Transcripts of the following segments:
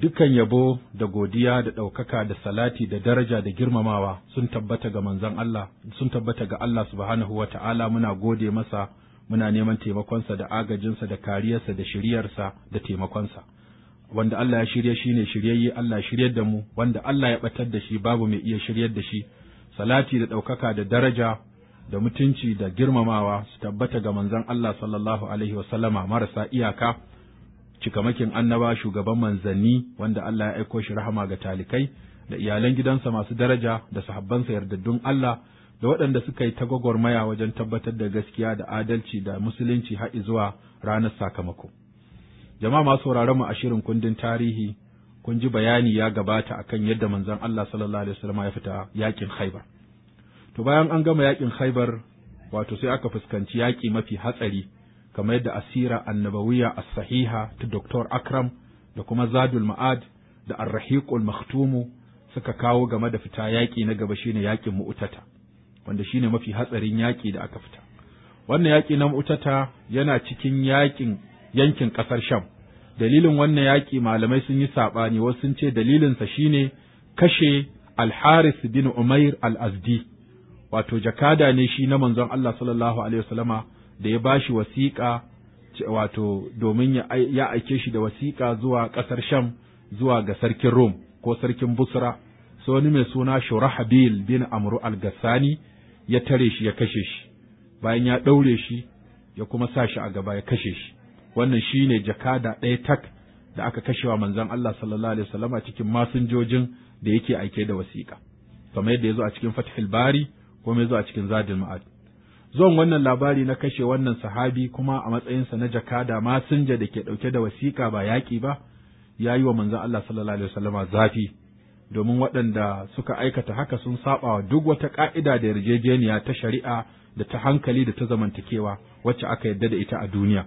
dukan yabo da godiya da ɗaukaka da salati da daraja da girmamawa sun tabbata ga manzon Allah sun tabbata ga Allah subhanahu wa ta'ala muna gode masa muna neman taimakonsa da agajinsa da kariyarsa da shiryarsa da taimakonsa wanda Allah ya shirye shi ne shiryayye Allah shiryar da mu wanda Allah ya batar da shi babu mai iya shiryar da shi salati da ɗaukaka da daraja da mutunci da girmamawa su tabbata ga manzon Allah sallallahu alaihi sallama marasa iyaka cikamakin annaba shugaban manzanni wanda Allah ya aiko shi rahama ga talikai da iyalan gidansa masu daraja da sahabbansa yardaddun Allah da waɗanda suka yi ta gwagwarmaya wajen tabbatar da gaskiya da adalci da musulunci har zuwa ranar sakamako. Jama'a masu sauraron mu a shirin kundin tarihi kun ji bayani ya gabata akan yadda manzon Allah sallallahu alaihi wasallam ya fita yakin Khaibar. To bayan an gama yakin Khaibar wato sai aka fuskanci yaki mafi hatsari kamar yadda asira annabawiya as-sahiha ta Dr. Akram da kuma Zadul Ma'ad da Ar-Rahiqul Makhtumu suka kawo game da fita yaƙi na gaba shine yaƙin Mu'tata wanda shine mafi hatsarin yaƙi da aka fita wannan yaƙi na Mu'tata yana cikin yaƙin yankin ƙasar Sham dalilin wannan yaƙi malamai sun yi saɓani wasu sun ce dalilinsa shine kashe Al-Haris bin Umair Al-Azdi wato jakada ne shi na manzon Allah sallallahu alaihi wasallama da ya bashi wasiƙa wato domin ya aike shi da wasiƙa zuwa ƙasar Sham zuwa ga sarkin Rom ko sarkin Busra so wani mai suna Shurahabil bin Amru al-Gassani ya tare shi ya kashe shi bayan ya ɗaure shi ya kuma sa shi a gaba ya kashe shi wannan shine jakada ɗaya tak da aka kashewa manzon Allah sallallahu alaihi wasallam a cikin masinjojin da yake aike da wasiƙa kamar yadda yazo a cikin Fathul Bari ko ya zuwa a cikin Zadul Ma'ad Zon wannan labari na kashe wannan sahabi kuma a matsayinsa na jaka jakada masinja da ke ɗauke da wasiƙa ba yaƙi ba, ya yi wa manzan Allah sallallahu Alaihi wasallama zafi, domin waɗanda suka aikata haka sun saɓa wa duk wata ƙa'ida da yarjejeniya ta shari'a da ta hankali da ta zamantakewa wacce aka yarda da ita a duniya,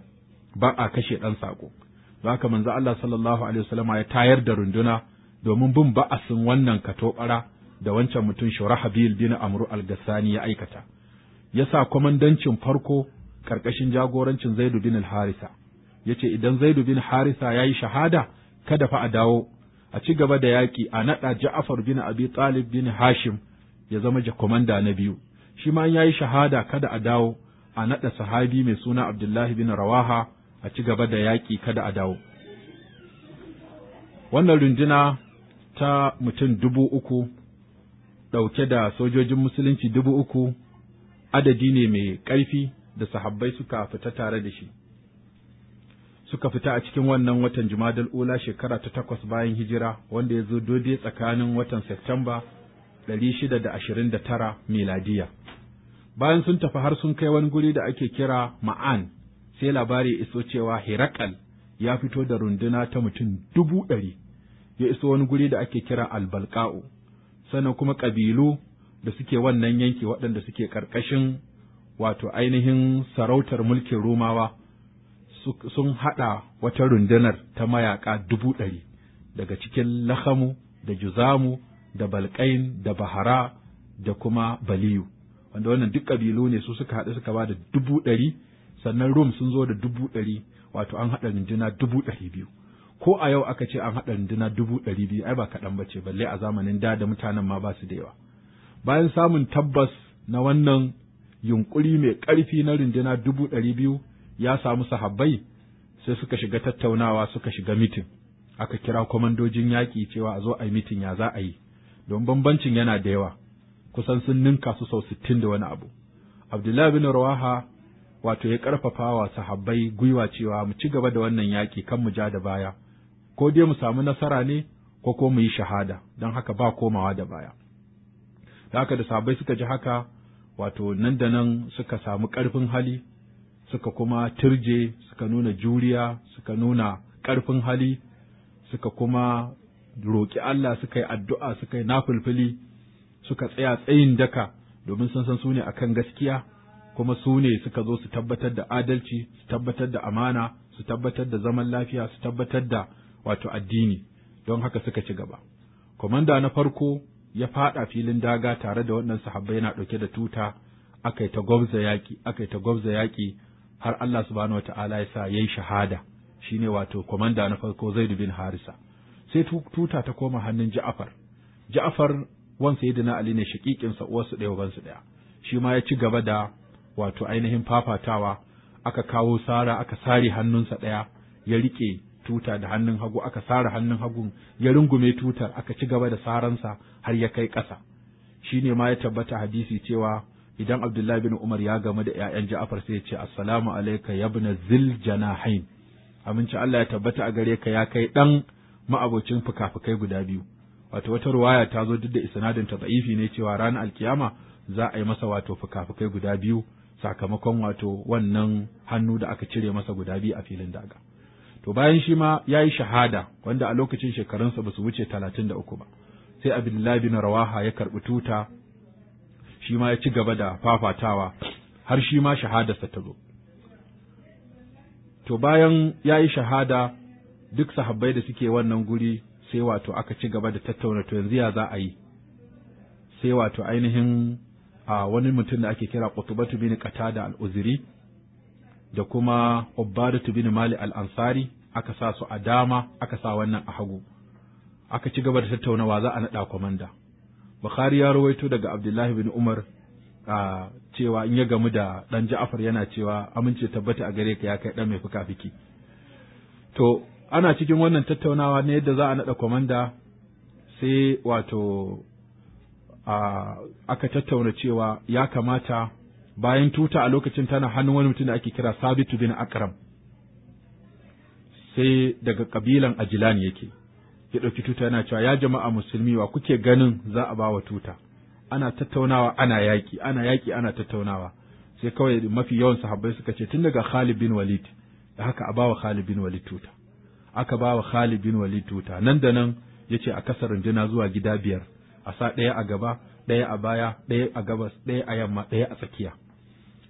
ba a kashe ɗan saƙo. Don haka manzan Allah sallallahu Alaihi wasallama ya tayar da runduna domin bin ba'asin wannan katobara da wancan mutum Habil bin Amru al-Gassani ya aikata. ya sa kwamandancin farko ƙarƙashin jagorancin Zaidu bin Harisa. Ya ce idan Zaidu bin Harisa ya yi shahada, kada fa a dawo, a ci gaba da yaƙi a naɗa Ja'afar bin Abi Talib bin Hashim ya zama jakwamanda na biyu. Shi ma ya yi shahada kada a dawo, a naɗa sahabi mai suna Abdullahi bin Rawaha a ci gaba da yaƙi kada a dawo. Wannan runduna ta mutum dubu uku ɗauke da sojojin musulunci dubu uku adadi ne mai ƙarfi da sahabbai suka fita tare da shi suka fita a cikin wannan watan Jumadal Ula shekara ta takwas bayan hijira wanda ya zo dode tsakanin watan ɗari shida da ashirin Septemba 629 miladiya. Bayan sun tafi har sun kai wani guri da ake kira Ma'an, sai labari iso cewa Herakal ya fito da runduna ta mutum dubu ɗari, ya iso wani guri da ake kira Albalka'u, sannan kuma ƙabilu da suke wannan yanki waɗanda suke ƙarƙashin wato ainihin sarautar mulkin Romawa sun haɗa wata rundunar ta mayaƙa dubu ɗari daga cikin Lahamu da Juzamu da Balƙain da Bahara da kuma Baliyu wanda wannan duk ƙabilu ne su suka haɗu suka ba da dubu ɗari sannan Rum sun zo da dubu ɗari wato an haɗa runduna dubu ɗari biyu ko a yau aka ce an haɗa runduna dubu ɗari biyu ai ba kaɗan ba ce balle a zamanin da da mutanen ma ba su da yawa bayan samun tabbas na wannan yunkuri mai ƙarfi na runduna dubu ɗari biyu ya samu sahabbai sai suka shiga tattaunawa suka shiga mitin aka kira kwamandojin yaƙi cewa a zo a yi mitin ya za a yi don bambancin yana da yawa kusan sun ninka su sau sittin da wani abu abdullahi bin rawaha wato ya ƙarfafa wa sahabbai gwiwa cewa mu ci gaba da wannan yaƙi kan mu ja da baya ko dai mu samu nasara ne ko ko mu yi shahada don haka ba komawa da baya da haka da sabai suka ji haka wato nan da nan suka samu ƙarfin hali suka kuma turje suka nuna juriya suka nuna ƙarfin hali suka kuma roƙi Allah suka yi addu'a suka yi nafulfuli suka tsaya tsayin daka domin sun san su ne akan gaskiya kuma su ne suka zo su tabbatar da adalci su tabbatar da amana su tabbatar da zaman lafiya su tabbatar da wato addini don haka suka ci gaba. Komanda na farko ya faɗa filin daga tare da waɗannan sahabbai yana ɗauke da tuta aka yi ta gwabza yaƙi aka yi ta gwabza yaƙi har Allah subhanahu ta'ala ya sa yayi shahada shine wato komanda na farko Zaid bin Harisa sai tuta ta koma hannun Ja'far Ja'far wan na Ali ne shakikin sa uwarsu ɗaya su ɗaya shi ma ya ci gaba da wato ainihin fafatawa aka kawo sara aka sare hannunsa ɗaya ya riƙe tuta da hannun hagu aka sara hannun hagun ya rungume tutar aka ci gaba da saransa har ya kai ƙasa ne ma ya tabbata hadisi cewa idan Abdullahi bin Umar ya gamu da ‘ya'yan Ja'afar sai ya ce, Assalamu alaika yabna zil janahain, aminci Allah ya tabbata a gare ka ya kai ɗan ma'abocin fuka guda biyu. Wato wata ruwaya ta zo duk da isnadin ta za'ifi ne cewa ranar alkiyama za a yi masa wato fuka guda biyu sakamakon wato wannan hannu da aka cire masa guda biyu a filin daga. to bayan shi ma ya yi shahada wanda a lokacin shekarunsa ba su wuce talatin da uku ba sai abdullahi bin rawaha ya karɓi tuta shi ma ya ci gaba da fafatawa har shi ma shahadarsa ta zo to bayan ya yi shahada duk sahabbai da suke wannan guri sai wato aka ci gaba da tattauna to yanzu ya za a yi sai wato ainihin a wani mutum da ake kira Qutbatu bin Qatada al-Uzri da kuma Ubbadatu bin Mali al-Ansari aka sa su a dama aka sa wannan a hagu aka ci gaba da tattaunawa za a naɗa kwamanda Bukhari ya rawaito daga Abdullahi bin Umar a cewa in ya gamu da ɗan Ja'far yana cewa amince tabbata a gare ka ya kai ɗan mai fuka-fiki. To ana cikin wannan tattaunawa ne yadda za a naɗa kwamanda sai wato aka tattauna cewa ya kamata bayan tuta a lokacin tana hannun wani mutum da ake kira Sabitu bin Akram. sai daga kabilan ajilan yake ya ɗauki tuta yana cewa ya jama'a musulmi wa kuke ganin za a bawa tuta ana tattaunawa ana yaƙi ana yaƙi ana tattaunawa sai kawai mafi yawan sahabbai suka ce tun daga Khalid bin Walid da haka a bawa Khalid bin Walid tuta aka bawa Khalid bin Walid tuta nan da nan yace a kasar runduna zuwa gida biyar a sa ɗaya a gaba ɗaya a baya ɗaya a gabas ɗaya a yamma ɗaya a tsakiya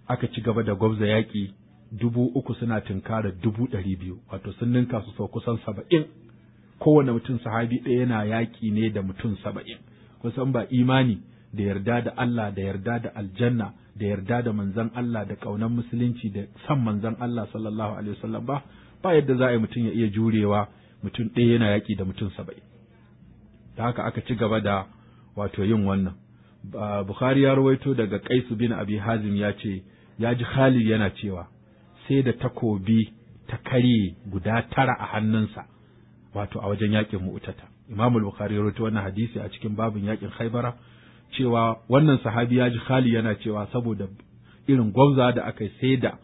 aka ci gaba da gwabza yaƙi dubu uku suna tunkara dubu ɗari biyu wato sun ninka su sau kusan saba'in kowane mutum sahabi ɗaya yana yaƙi ne da mutum saba'in kusan ba imani da yarda da Allah da yarda da aljanna da yarda da manzan Allah da ƙaunar musulunci da san manzan Allah sallallahu alaihi wasallam ba ba yadda za a yi mutum ya iya jurewa mutum ɗaya yana yaƙi da mutum saba'in da haka aka ci gaba da wato yin wannan Bukhari ya rawaito daga Qais bin Abi Hazim ya ce ya ji Khalid yana cewa sai da takobi ta kare guda tara a hannunsa wato a wajen yakin mu'tata Imam Bukhari ya rawaito wannan hadisi a cikin babin yakin Khaibara cewa wannan sahabi ya ji Khali yana cewa saboda irin gwamza da aka yi sai da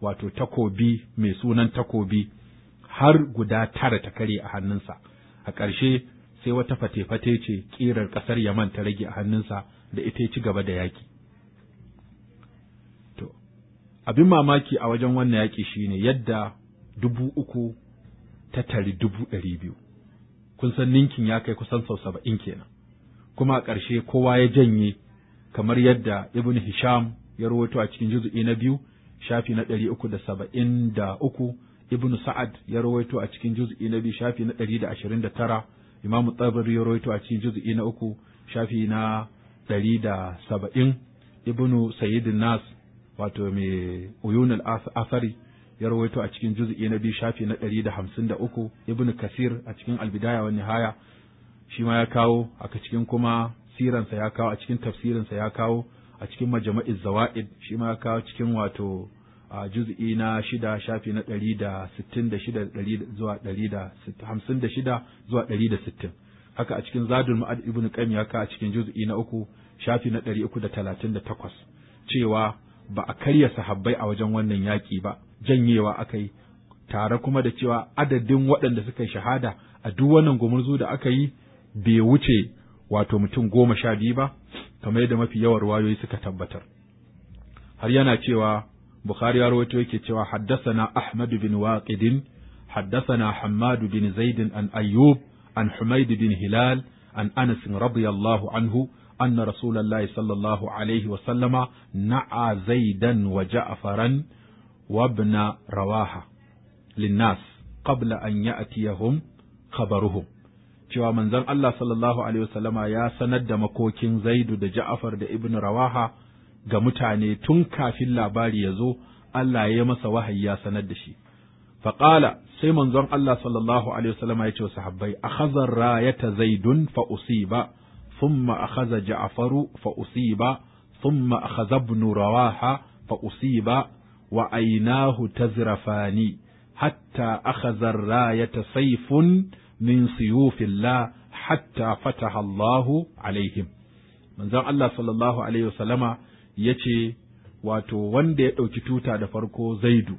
wato takobi mai sunan takobi har guda tara ta kare a hannunsa a ƙarshe sai wata fate-fate ce ƙirar ƙasar Yaman ta rage a hannunsa da ita ya ci gaba da yaki abin mamaki a wajen wannan yaƙi shine yadda dubu uku ta tari dubu ɗari biyu kun san ninkin ya kai kusan sau saba'in kenan kuma a ƙarshe kowa ya janye kamar yadda ibn hisham ya rawaito a cikin juzu'i na biyu shafi na ɗari uku da saba'in da uku ibn sa'ad ya rawaito a cikin juzu'i na biyu shafi na ɗari da ashirin da tara imam tabari ya rawaito a cikin juzu'i na uku shafi na ɗari da saba'in ibn sayyidin nas wato mai uyunul asari ya rawaito a cikin juz'i na biyu shafi na ɗari da hamsin da uku ibn kasir a cikin albidaya wa nihaya shi ma ya kawo aka cikin kuma siransa ya kawo a cikin tafsirinsa ya kawo a cikin majama'iz zawa'id shi ma ya kawo cikin wato a juz'i na shida shafi na ɗari da sittin da shida zuwa ɗari da hamsin da shida zuwa ɗari da sittin haka a cikin zadul ma'ad ibn qayyim ya kawo a cikin juz'i na uku shafi na ɗari uku da talatin da takwas cewa ba a karya sahabbai a wajen wannan yaƙi ba janyewa aka yi tare kuma da cewa adadin waɗanda suka yi shahada a duk wannan gumurzu da aka yi bai wuce wato mutum goma sha biyu ba kamar yadda mafi yawan wayoyi suka tabbatar har yana cewa Bukhari ya rawaito yake cewa haddasana Ahmad bin Waqidin haddasana Hammad bin Zaid an Ayyub an Humayd bin Hilal an Anas radiyallahu anhu أن رسول الله صلى الله عليه وسلم نعى زيدا وجعفرا وابن رواحة للناس قبل أن يأتيهم خبرهم cewa manzon Allah sallallahu alaihi wasallama ya sanar da makokin Zaidu da Ja'far da Ibn Rawaha ga mutane tun kafin labari ya zo Allah ya masa wahayi ya sanar da shi faqala sai manzon Allah sallallahu alaihi wasallama ya ce wa sahabbai akhadha rayata Zaidun fa usiba ثم أخذ جعفر فأصيب ثم أخذ ابن رواحة فأصيب وأيناه تزرفان حتى أخذ الراية سيف من سيوف الله حتى فتح الله عليهم من زال الله صلى الله عليه وسلم يتي واتو واندي أو تتوتا دفركو زيدو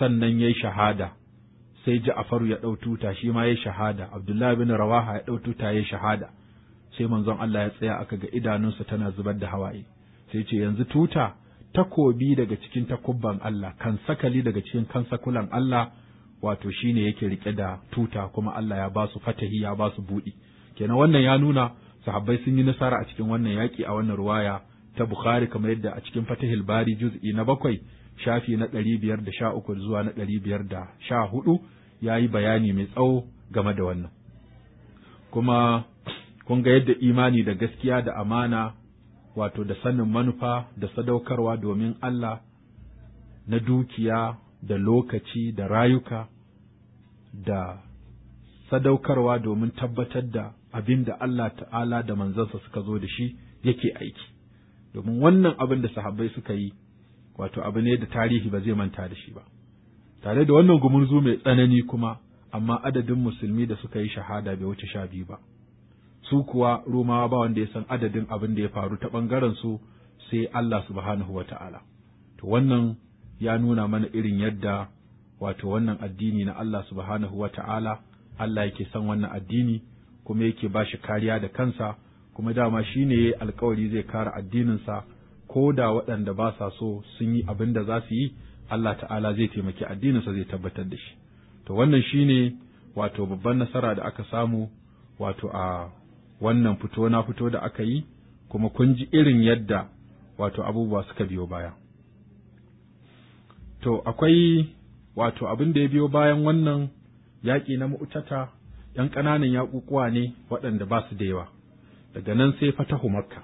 sannan ya yi shahada sai ja'afaru ya ɗau tuta shi ma ya yi sai manzon Allah ya tsaya aka ga idanunsa tana zubar da hawaye sai ce yanzu tuta takobi daga cikin takubban Allah kan sakali daga cikin kan sakulan Allah wato shine yake rike da tuta kuma Allah ya ba su fatahi ya ba su buɗi kenan wannan ya nuna sahabbai sun yi nasara a cikin wannan yaki a wannan ruwaya ta Bukhari kamar yadda a cikin fatahil Bari juz'i na bakwai shafi na ɗari biyar da sha zuwa na ɗari biyar da sha hudu ya yi bayani mai tsawo game da wannan. Kuma kun ga yadda imani da gaskiya da amana wato da sanin manufa da sadaukarwa domin Allah na dukiya da lokaci da rayuka da sadaukarwa domin tabbatar da abin da Allah ta'ala da manzansa suka zo da shi yake aiki domin wannan abin da sahabbai suka yi wato abu ne da tarihi ba zai manta da shi ba tare da wannan gumurzu mai tsanani kuma amma adadin musulmi da suka yi shahada bai wuce sha biyu ba su kuwa Romawa ba wanda ya san adadin abin da ya faru ta ɓangaren su sai Allah subhanahu wa ta'ala. To wannan ya nuna mana irin yadda wato wannan addini na Allah subhanahu wa ta'ala Allah yake san wannan addini kuma yake ba shi kariya da kansa kuma dama shi ne alkawari zai kare addininsa ko da waɗanda ba sa so sun yi abin da za su yi Allah ta'ala zai taimaki addininsa zai tabbatar da shi. To wannan shi ne wato babban nasara da aka samu wato a wannan fito na fito da aka yi kuma kun ji irin yadda wato abubuwa suka biyo baya to akwai wato abin da ya biyo bayan wannan yaƙi na mu'tata ‘yan ƙananan yaƙuƙuwa ne waɗanda ba su da yawa daga nan sai fatahu makka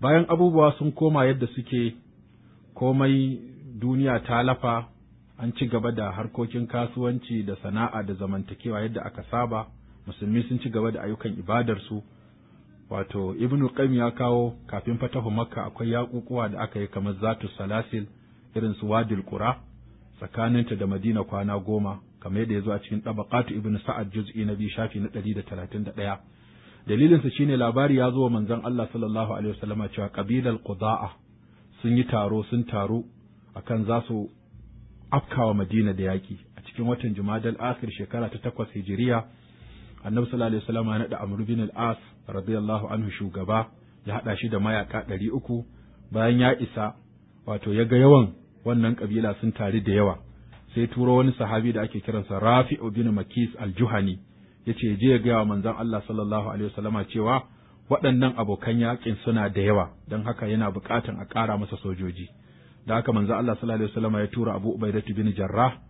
bayan abubuwa sun koma yadda suke komai duniya ta lafa an ci gaba da harkokin kasuwanci da sana'a da zamantakewa yadda aka saba musulmi sun ci gaba da ayyukan ibadarsu wato ibnu qayyim ya kawo kafin fatahu makka akwai yaƙuƙuwa da aka yi kamar zatu salasil irin su wadil qura tsakaninta da madina kwana goma kamar yadda ya zo a cikin tabaqatu ibnu sa'ad juz'i na biyu shafi na ɗari da talatin da ɗaya dalilinsa shine labari ya zo wa manzon Allah sallallahu alaihi wasallam cewa qabilal qudaa sun yi taro sun taro akan za su afkawa madina da yaƙi a cikin watan jumadal akhir shekara ta takwas hijiriya annabi sallallahu alaihi wasallam ya naɗa Amr bin al-As radiyallahu anhu shugaba ya haɗa shi da mayaka ɗari uku bayan ya isa wato ya ga yawan wannan kabila sun tare da yawa sai turo wani sahabi da ake kiransa rafi bin Makis al-Juhani yace je ya gaya wa manzon Allah sallallahu alaihi wasallama cewa waɗannan abokan yaƙin suna da yawa don haka yana buƙatan a ƙara masa sojoji da haka manzon Allah sallallahu alaihi wasallama ya tura Abu Ubaidah bin Jarrah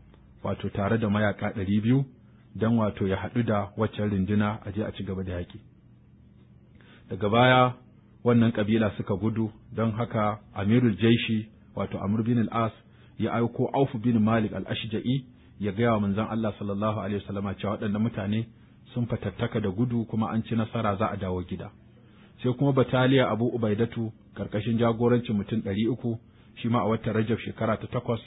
wato tare da mayaka ɗari biyu don wato ya haɗu da waccan rinduna a je a ci gaba da yaƙi. Daga baya wannan ƙabila suka gudu don haka Amirul Jaishi wato Amr bin al-As ya aiko Auf bin Malik al-Ashja'i ya gaya wa manzon Allah sallallahu alaihi wasallama cewa waɗannan mutane sun fatattaka da gudu kuma an ci nasara za a dawo gida. Sai kuma Bataliya Abu Ubaidatu karkashin jagorancin mutum ɗari uku shi ma a watan Rajab shekara ta takwas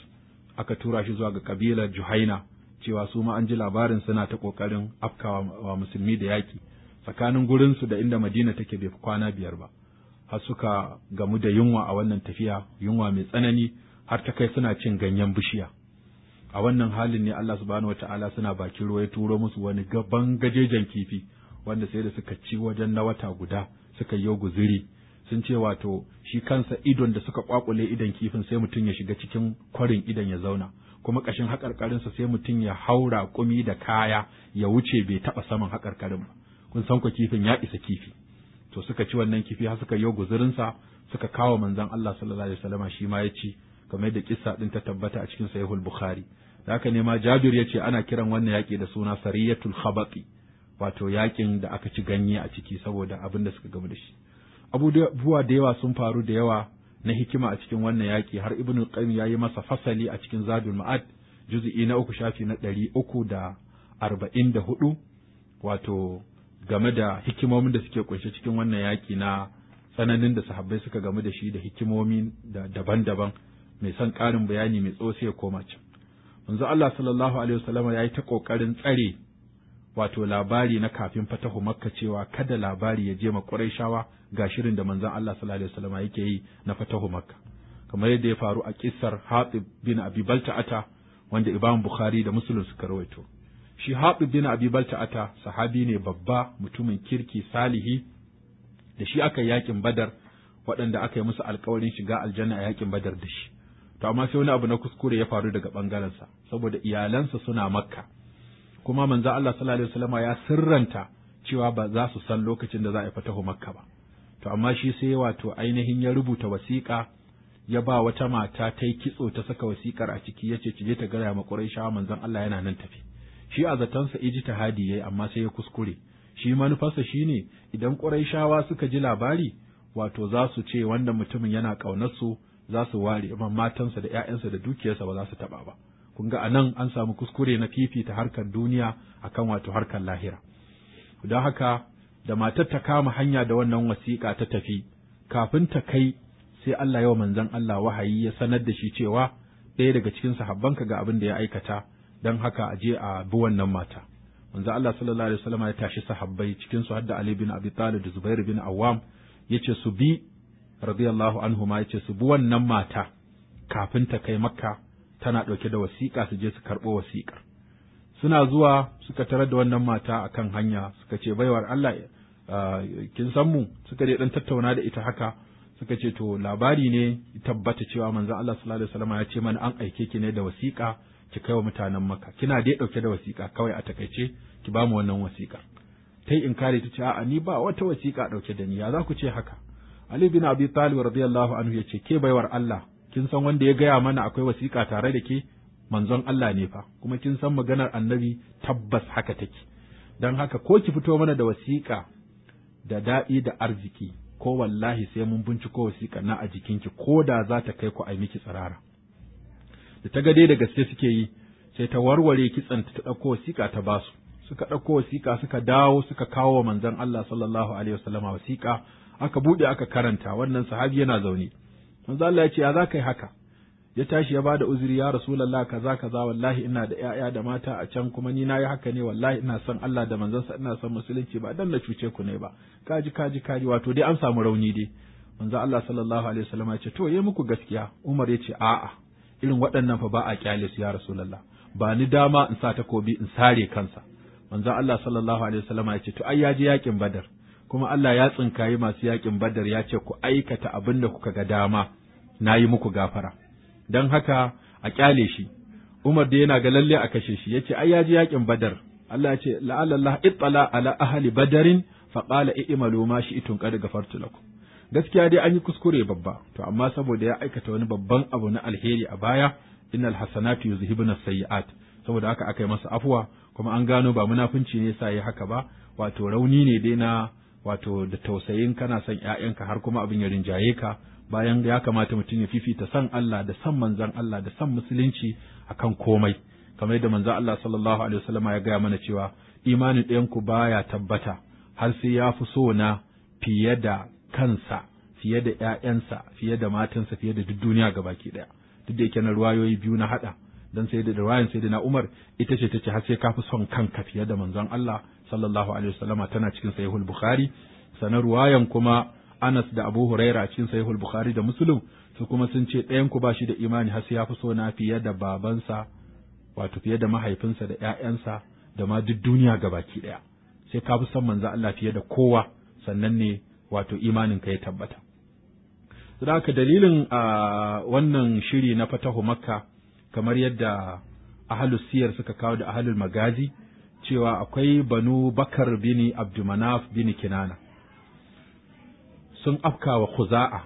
aka tura shi zuwa ga kabilar Juhaina cewa su ma an ji labarin suna ta ƙoƙarin afkawa wa musulmi da yaƙi tsakanin gurinsu da inda Madina take bai fi kwana biyar ba har suka gamu da yunwa a wannan tafiya yunwa mai tsanani har ta kai suna cin ganyen bishiya a wannan halin ne Allah subhanahu wataala suna bakin ruwa ya turo musu wani gaban gajejen kifi wanda sai da suka ci wajen na wata guda suka yi guziri sun ce wato shi kansa idon da suka kwakule idon kifin sai mutum ya shiga cikin kwarin idon ya zauna kuma ƙashin sa sai mutum ya haura kumi da kaya ya wuce bai taɓa saman haƙarƙarin ba kun san ku kifin ya isa kifi to suka ci wannan kifi har suka yi guzurin guzurinsa suka kawo manzon Allah sallallahu alaihi wasallama shi ma ya ci kamar da kissa din ta tabbata a cikin sahihul bukhari da haka ne ma Jabir ya ce ana kiran wannan yaƙi da suna sariyatul khabati wato yaƙin da aka ci ganye a ciki saboda abin da suka gamu da shi abubuwa da yawa sun faru da yawa na hikima a cikin wannan yaƙi har ibnu qayyim yayi masa fasali a cikin zadul ma'ad juz'i na uku shafi na ɗari uku da arba'in da hudu wato game da hikimomin da suke kunshe cikin wannan yaƙi na tsananin da sahabbai suka gamu da shi da hikimomi da daban-daban mai son ƙarin bayani mai tsawo ya koma can manzo Allah sallallahu alaihi wasallam ya yi ta kokarin tsare wato labari na kafin fatahu makka cewa kada labari ya je ma quraishawa ga shirin da manzon Allah sallallahu alaihi wasallam yake yi na fatahu makka kamar yadda ya faru a kissar Habib bin Abi Balta'ata wanda Imam Bukhari da Muslim suka rawaito shi Habib bin Abi Balta'ata sahabi ne babba mutumin kirki salihi da shi aka yakin Badar waɗanda aka yi musu alkawarin shiga aljanna a yakin Badar da shi to amma sai wani abu na kuskure ya faru daga sa saboda iyalansa suna makka kuma manzo Allah sallallahu alaihi wasallama ya sirranta cewa ba za su san lokacin da za a yi fatahu makka ba to amma shi sai wato ainihin ya rubuta wasiƙa ya ba wata mata ta yi kitso ta saka wasiƙar a ciki ya ce ki je ta gaya ma Qurayshawa manzon Allah yana nan tafi shi a zatansa hadi yayi amma sai ya kuskure shi manufarsa shine idan Qurayshawa suka ji labari wato za su ce wanda mutumin yana ƙaunar su za su ware amma matansa da 'ya'yansa da dukiyarsa ba za su taɓa ba kun ga anan an samu kuskure na fifita harkar duniya akan wato harkar lahira don haka da matar ta kama hanya da wannan wasiƙa ta tafi kafin ta kai sai Allah yawa manzon Allah wahayi ya sanar da shi cewa ɗaya daga cikin sahabbanka ga abin da ya aikata don haka a je a bi wannan mata manzo Allah sallallahu alaihi wasallam ya tashi sahabbai cikin su hadda Ali bin Abi Talib da Zubairu bin Awwam ce su bi radiyallahu anhu ma ya ce su bi wannan mata kafin ta kai Makka tana ɗauke da wasiƙa su je su karɓo wasiƙar suna zuwa suka tarar da wannan mata a kan hanya suka ce baiwar Allah kin san mu suka je dan tattauna da ita haka suka ce to labari ne tabbata cewa manzon Allah sallallahu alaihi wasallam ya ce mana an aike ki ne da wasiƙa ki kai wa mutanen maka kina dai dauke da wasiƙa kawai a takaice ki ba mu wannan wasiƙa ta yi inkari ta ce a'a ni ba wata wasiƙa dauke da ni ya za ku ce haka Ali bin Abi Talib radiyallahu anhu ya ce ke baiwar Allah kin san wanda ya gaya mana akwai wasiƙa tare da ke manzon Allah ne fa kuma kin san maganar annabi tabbas haka take don haka ko ki fito mana da wasiƙa da daɗi da arziki ko wallahi sai mun binciko wasiƙa na a jikinki ko da za ta kai ku a miki tsirara da ta gade da gaske suke yi sai ta warware kitsan ta ɗauko wasiƙa ta basu suka ɗauko wasiƙa suka dawo suka kawo wa manzon Allah sallallahu alaihi wasallama wasiƙa aka buɗe aka karanta wannan sahabi yana zaune manzon Allah ya ce ya za ka yi haka ya tashi ya bada uzuri ya rasulullah kaza kaza wallahi ina da 'ya'ya da mata a can kuma ni nayi haka ne wallahi ina son Allah da manzansa ina son musulunci ba dan na cuce ku ne ba kaji kaji kaji wato dai an samu rauni dai manzo Allah sallallahu alaihi wasallam ya ce to yayi muku gaskiya Umar ya ce a'a irin waɗannan fa ba a kyale su ya rasulullah ba ni dama in sa takobi in sare kansa manzo Allah sallallahu alaihi wasallam ya ce to ai ya je yakin Badar kuma Allah ya tsinkayi masu yakin Badar ya ce ku aikata abin da kuka ga dama nayi muku gafara don haka a kyale shi Umar da yana ga lalle a kashe shi yace ai ya ji yakin Badar Allah ya ce la'alla Allah ittala ala ahli badarin fa qala i'malu ma shi'tum qad ghafartu lakum gaskiya dai an yi kuskure babba to amma saboda ya aikata wani babban abu na alheri a baya innal hasanatu yuzhibuna sayi'at. saboda haka aka yi masa afwa kuma an gano ba munafunci ne sa yi haka ba wato rauni ne dai na wato da tausayin kana son ƴaƴanka har kuma abin ya rinjaye ka bayan ya kamata mutum ya fifita san Allah da san manzan Allah da san musulunci akan komai kamar yadda manzan Allah sallallahu alaihi wasallam ya gaya mana cewa imanin ɗayanku baya tabbata har sai ya fi so na fiye da kansa fiye da ‘ya'yansa fiye da matansa fiye da duk duniya baki ɗaya duk da yake na ruwayoyi biyu na haɗa dan sai da ruwayan sai da na Umar ita ce ta ce har sai ka fi son kanka fiye da manzan Allah sallallahu alaihi wasallama tana cikin sahihul Bukhari sanar ruwayan kuma Anas da Abu Huraira cikin Sahihul Bukhari da Muslim su kuma sun ce ɗayan ku ba shi da imani har sai ya fi so na fiye da babansa wato fiye da mahaifinsa da ƴaƴansa da ma duk duniya gabaki ɗaya sai ka fi son manzo Allah fiye da kowa sannan ne wato imanin ka ya tabbata haka dalilin a wannan shiri na fatahu makka kamar yadda ahlus siyar suka kawo da ahlul magazi cewa akwai banu bakar bini abdumanaf bini kinana sun afka wa kuzaa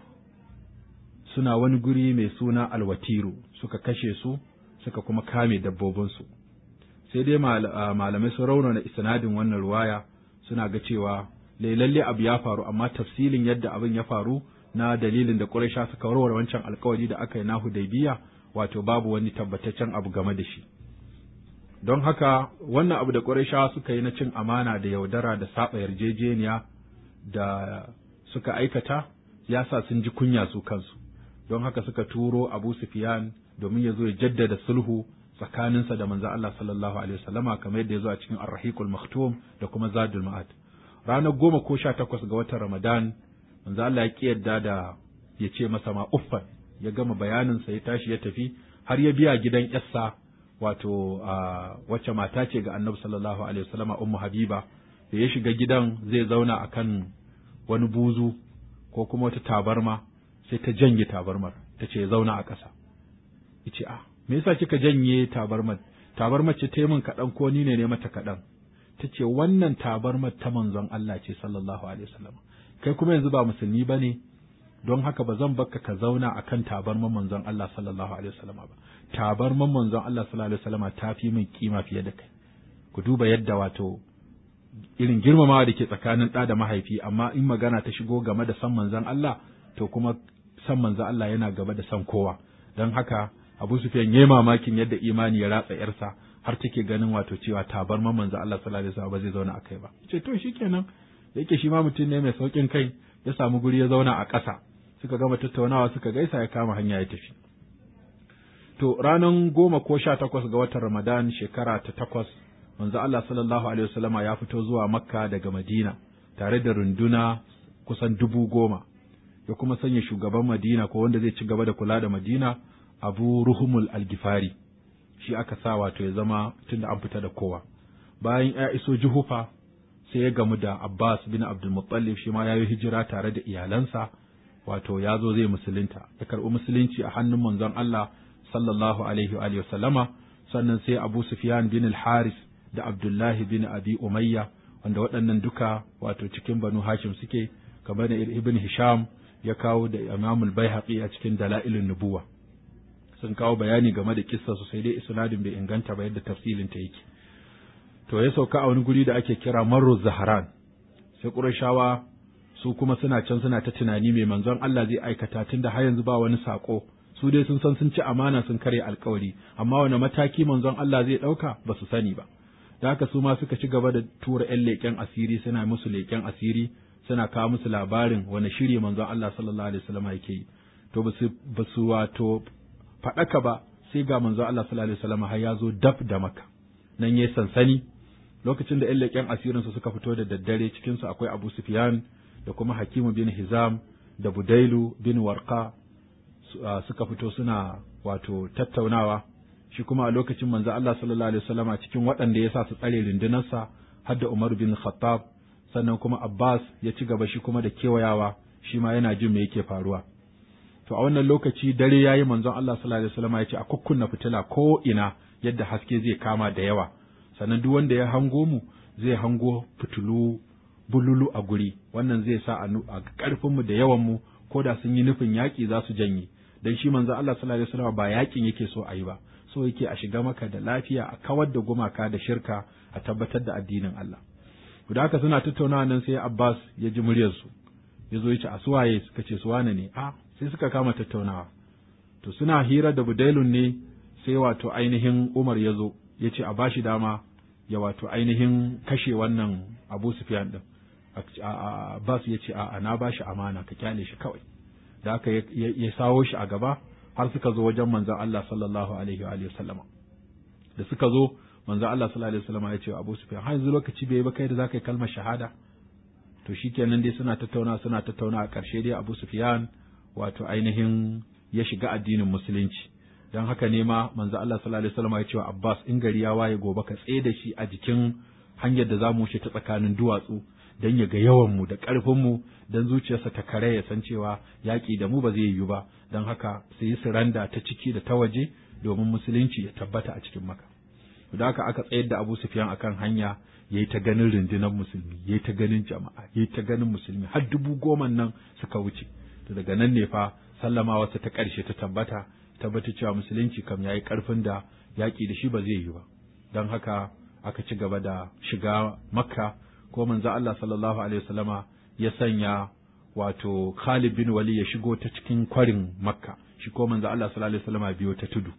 suna wani guri mai suna alwatiru suka kashe su suka kuma kame dabbobin su sai dai ah, malamai sun na isnadin wannan ruwaya suna ga cewa lailalle abu ya faru amma tafsilin yadda abin ya faru na dalilin da sha suka warware wancan alkawari da aka yi na Hudaybiya wato babu wani tabbataccen abu game da shi don haka wannan abu da Quraysha suka yi na cin amana da yaudara da saba yarjejeniya da suka aikata ya sa sun ji kunya su kansu don haka suka turo Abu Sufyan domin ya zo ya jaddada sulhu tsakaninsa da manzo Allah sallallahu alaihi wasallama kamar yadda ya zo a cikin Ar-Rahiqul Maktum da kuma Zadul Ma'ad ranar goma ko sha takwas ga watan Ramadan manzo Allah ya kiyarda da ya ce masa ma uffan ya gama bayanin bayaninsa ya tashi ya tafi har ya biya gidan yassa wato wacce mata ce ga Annabi sallallahu alaihi wasallama Ummu Habiba da ya shiga gidan zai zauna akan wani buzu ko kuma wata tabarma sai ta janye tabarmar ta ce zauna a ƙasa ce a ah, me yasa kika janye tabarmar tabarmar ce ta yi min kaɗan ko ni ne mata kaɗan ta ce wannan tabarmar ta manzon Allah ce sallallahu alaihi wasallam kai kuma yanzu ba musulmi ba ne don haka ba zan baka ka zauna a kan tabarmar manzon Allah sallallahu alaihi wasallam ba tabarmar manzon Allah sallallahu alaihi wasallam ta fi min kima fiye da kai ku duba yadda wato irin girmamawa da ke tsakanin ɗa da mahaifi amma in magana ta shigo game da san manzan Allah to kuma san manzan Allah yana gaba da san kowa don haka Abu Sufyan yayi mamakin yadda imani ya ratsa yarsa har take ganin wato cewa tabar ma manzan Allah sallallahu alaihi wasallam ba zai zauna a kai ba ce to shikenan yake shi ma mutum ne mai saukin kai ya samu guri ya zauna a ƙasa suka gama tattaunawa suka gaisa ya kama hanya ya tafi to ranar goma ko sha takwas ga watan Ramadan shekara ta takwas manzo Allah sallallahu alaihi wasallama ya fito zuwa Makka daga Madina tare da runduna kusan dubu goma ya kuma sanya shugaban Madina ko wanda zai ci gaba da kula da Madina Abu Ruhumul Algifari shi aka sa wato ya zama tunda an fita da kowa bayan ya iso Juhufa sai ya gamu da Abbas bin Abdul Muttalib shi ma ya yi hijira tare da iyalansa wato ya zo zai musulunta ya karɓi musulunci a hannun manzon Allah sallallahu alaihi wa sallama sannan sai Abu Sufyan bin al-Haris da Abdullahi bin Abi Umayya wanda waɗannan duka wato cikin Banu Hashim suke kamar da Ibn Hisham ya kawo da Imamul Baihaqi a cikin Dala'ilin Nubuwa sun kawo bayani game da kissa sosai dai isnadin bai inganta ba yadda tafsilin ta yake to ya sauka a wani guri da ake kira Marru Zaharan sai Qurayshawa su kuma suna can suna ta tunani mai manzon Allah zai aikata tunda har yanzu ba wani sako su dai sun san sun ci amana sun kare alkawari amma wani mataki manzon Allah zai ɗauka ba su sani ba da haka su ma suka ci gaba da tura ‘yan leƙen asiri suna musu leƙen asiri suna kawo musu labarin wani shiri manzon Allah sallallahu alaihi wasallam yake yi to ba su wato faɗaka ba sai ga manzon Allah sallallahu alaihi wasallam har ya zo daf da maka nan yayi sansani lokacin da ‘yan leƙen asirinsu suka fito da daddare cikinsu akwai Abu Sufyan da kuma Hakimu bin Hizam da Budailu bin Warqa suka fito suna wato tattaunawa shi kuma a lokacin manzo Allah sallallahu alaihi wasallama cikin waɗanda ya sa su tsare rundunarsa har da Umar bin Khattab sannan kuma Abbas ya ci gaba shi kuma da kewayawa shi ma yana jin me yake faruwa to a wannan lokaci dare yayi manzon Allah sallallahu alaihi wasallama ya ce a kukkunna fitila ko ina yadda haske zai kama da yawa sannan duk wanda ya hango mu zai hango fitulu bululu a guri wannan zai sa a karfin mu da yawan mu ko da sun yi nufin yaƙi za su janye dan shi manzo Allah sallallahu alaihi wasallama ba yaƙin yake so a yi ba so yake a shiga maka da lafiya a kawar da gumaka da shirka a tabbatar da addinin Allah da haka suna tattaunawa nan sai Abbas ya ji muryarsu ya zo yace asuwaye a suwaye suka ce suwane ne a ah, sai suka kama tattaunawa to suna hira da budailun ne sai wato ainihin Umar ya zo yace a bashi dama ya wato ainihin kashe wannan Abu Sufyan din Abbas ya ce a na bashi amana ka kyale shi kawai da haka ya sawo shi a gaba har suka zo wajen manzon Allah sallallahu alaihi wa sallama da suka zo manzon Allah sallallahu alaihi wa sallama ya ce Abu Sufyan har yanzu lokaci bai ba kai da zaka yi kalmar shahada to shikenan dai suna tattauna suna tattauna a ƙarshe dai Abu Sufyan wato ainihin ya shiga addinin musulunci don haka ne ma manzo Allah sallallahu alaihi sallama ya ce Abbas in gari ya waye gobe ka tsaye da shi a jikin hanyar da za mu wuce ta tsakanin duwatsu don ya ga yawanmu da ƙarfinmu don zuciyarsa ta kare ya san cewa yaƙi da mu ba zai yiwu ba don haka su yi siranda ta ciki da ta waje domin musulunci ya tabbata a cikin maka da haka aka tsayar da abu sufiyan akan hanya ya yi ta ganin rundunar musulmi ya yi ta ganin jama'a ya yi ta ganin musulmi har dubu goma nan suka wuce to daga nan ne fa sallamawa ta ƙarshe ta tabbata tabbata cewa musulunci kam ya yi ƙarfin da yaƙi da shi ba zai yiwu. ba don haka aka ci gaba da shiga makka ko manzo Allah sallallahu alaihi wasallama ya sanya wato Khalid bin Wali ya shigo ta cikin kwarin Makka shi ko manzo Allah sallallahu alaihi wasallama biyo ta tudu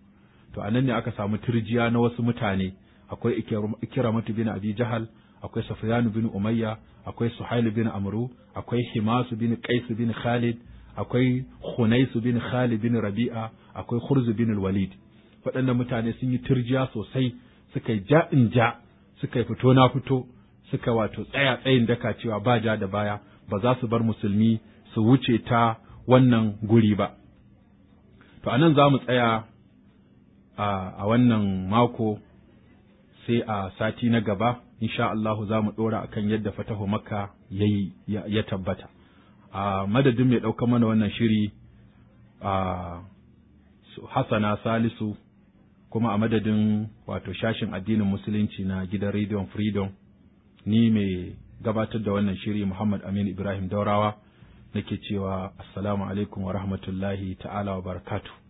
to anan ne aka samu turjiya na wasu mutane akwai Ikramatu bin Abi Jahal akwai Sufyan bin Umayya akwai Suhail bin Amru akwai Himasu bin Qais bin Khalid akwai Hunais bin Khalid bin Rabi'a akwai Khurz bin Walid waɗannan mutane sun yi turjiya sosai suka yi ja'in ja suka yi fito na fito suka wato tsaya tsayin daka cewa ba ja da baya ba za su bar musulmi su wuce ta wannan guri ba. To a nan za mu tsaya a wannan mako sai a sati na gaba, insha Allahu za mu ɗora a kan yadda fatahu makka ya yi ya tabbata. A madadin mai ɗauka mana wannan shiri a Hassana Salisu kuma a madadin wato shashin addinin Musulunci na gidan Rediyon Freedom ni mai gabatar da wannan shiri Muhammad Aminu Ibrahim Daurawa nake cewa assalamu alaikum wa rahmatullahi ta'ala wa barakatuh